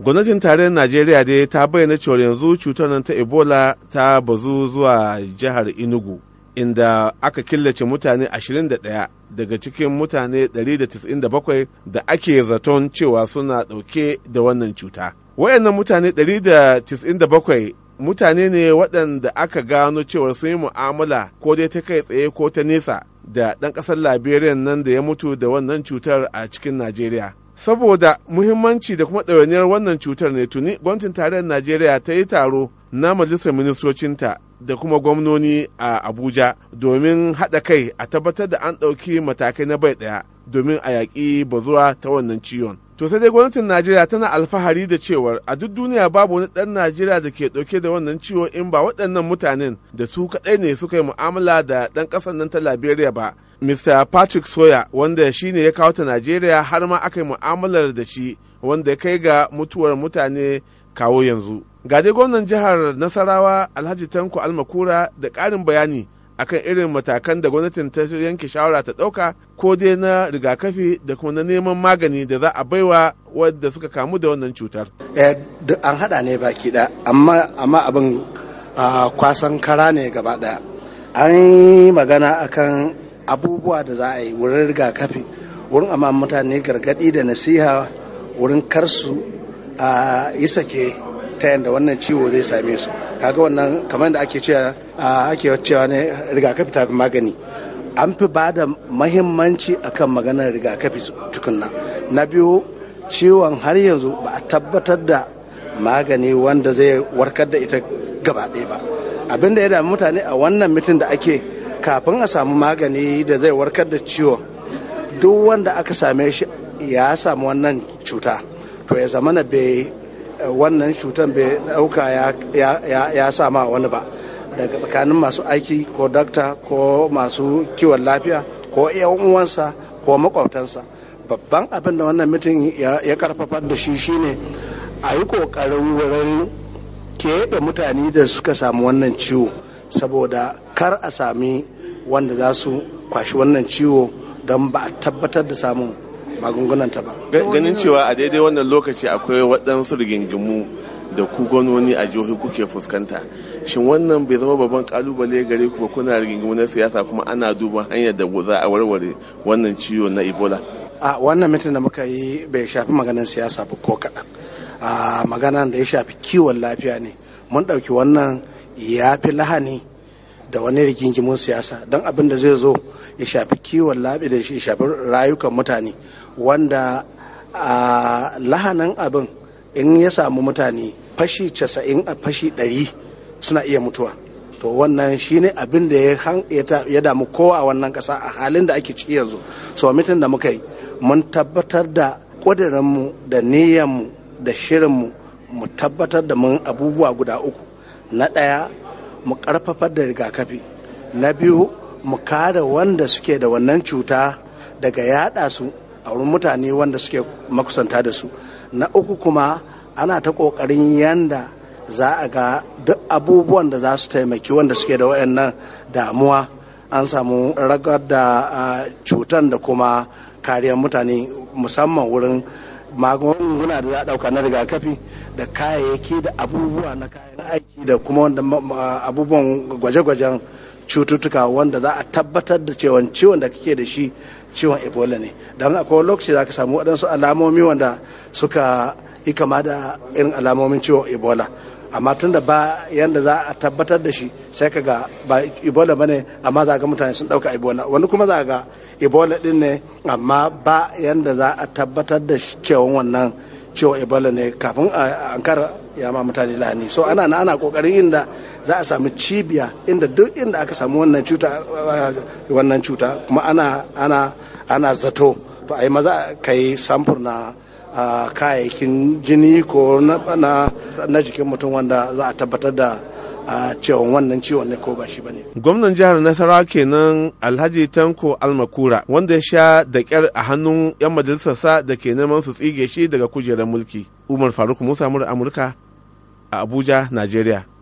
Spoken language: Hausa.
gwamnatin tarayyar najeriya dai ta bayyana cewa yanzu cutar nan ta ebola ta bazu zuwa jihar inugu inda aka killace mutane 21 daga cikin mutane 197 da ake zaton cewa suna ɗauke da wannan cuta wayannan mutane 197 mutane ne waɗanda aka gano cewar sun yi mu'amala ko dai ta kai tsaye ko ta nesa da ɗan ƙasar Liberian nan da ya mutu da wannan cutar a cikin najeriya saboda muhimmanci da kuma ɗawainiyar wannan cutar ne tuni gwamnatin tarayyar najeriya ta yi taro na majalisar ministocinta da kuma gwamnoni a abuja domin haɗa kai a tabbatar da an ɗauki matakai na bai ɗaya domin a yaƙi bazuwa ta wannan ciwon. To sai dai gwamnatin Najeriya tana alfahari da cewar a duk duniya babu wani ɗan Najeriya da ke ɗauke da wannan ciwo in ba waɗannan mutanen da su kaɗai ne suka yi mu'amala da ɗan ƙasar nan ta Liberia ba. Mr. Patrick Sawyer wanda shi ne ya kawo ta Najeriya har ma aka yi mu'amalar da shi wanda ya kai ga mutuwar mutane kawo yanzu. Ga dai gwamnan jihar Nasarawa Alhaji Tanko Almakura da ƙarin bayani akan irin matakan da gwamnatin ta yanke shawara ta ɗauka ko dai na rigakafi da kuma na neman magani da za a baiwa wadda suka kamu da wannan cutar. Eh, an haɗa ne baki ɗaya amma abin kwasan kara ne gaba ɗaya an yi magana akan abubuwa da za a yi wurin rigakafi wurin amma mutane gargaɗi da nasiha wurin karsu yi sake ta yadda wannan ciwo zai same su. kaga wannan kamar da ake cewa ake cewa ne rigakafi tafi magani an fi ba da mahimmanci akan maganar rigakafi tukunna na biyu ciwon har yanzu ba a tabbatar da magani wanda zai warkar da ita gaba ɗaya ba abin da ya dami mutane a wannan mitin da ake kafin a samu magani da zai warkar da ciwon duk wanda aka same shi ya samu wannan cuta to ya zama na bai wannan cutan bai dauka ya sama wani ba daga tsakanin masu aiki ko dakta ko masu kiwon lafiya ko yan uwansa ko makwabtansa babban abin da wannan mitin ya karfafa da shi shine a yi kokarin wurin keɓe mutane da suka samu wannan ciwo saboda kar a sami wanda za su kwashi wannan ciwo don ba a tabbatar da samun magungunan ta ba ganin cewa a daidai wannan lokaci akwai waɗansu rigingimu da ku gwanoni a jihohi kuke fuskanta shin wannan bai zama babban kalubale gare ku ba kuna rigingimu na siyasa kuma ana duba hanyar da za a warware wannan ciwo na ebola a wannan mitin da muka yi bai shafi maganin siyasa ba ko kaɗan a maganan da ya shafi kiwon lafiya ne mun ɗauki wannan ya fi lahani da wani rigingimin siyasa don abin da zai zo ya shafi kiwon labi da ya shafi rayukan mutane wanda a lahanan abin in ya samu mutane fashi casa'in a fashi ɗari suna iya mutuwa to wannan shi ne abin da ya damu kowa a wannan ƙasa a halin da ake ciki yanzu so mitin da muka yi mun tabbatar da ƙudurinmu da mu da shirinmu mu tabbatar da mun abubuwa guda uku na ɗaya mu karfafar da rigakafi na biyu mu kare wanda suke da wannan cuta daga yada su a wurin mutane wanda suke makusanta da su na uku kuma ana ta kokarin yanda za a ga duk abubuwan da za su taimaki wanda suke da wayannan damuwa an samu ragar da ah, cutan da kuma kariyar mutane musamman wurin magunguna da za a dauka na rigakafi da kayayyaki da abubuwa na kayan aiki da kuma wanda abubuwan gwaje-gwajen cututtuka wanda za a tabbatar da cewa ciwon da kake da shi ciwon ebola ne don akwai lokaci za ka samu waɗansu alamomi wanda suka yi kama da irin alamomin ciwon ebola amma tun da ba yanda za a tabbatar da shi sai ka ga ba ebola ba ne amma za ga mutane sun ɗauka ebola wani kuma za ga ebola din ne amma ba yanda za a tabbatar da cewa wannan cewa ebola ne kafin an kara ya ma mutane lahani so ana na ana kokarin inda za a samu cibiya inda duk inda aka samu wannan cuta wannan cuta kuma ana ana ana zato to ai maza kai samfur na kayayyakin jini ko na jikin mutum wanda za a tabbatar da cewa wannan ciwon ne ko ba shi bane. Gwamnan jihar Nasarawa kenan Alhaji Tanko Almakura wanda ya sha da kyar a hannun 'yan majalisarsa da ke neman su tsige shi daga kujerar mulki. Umar Faruk Musa Amurka a Abuja, Najeriya.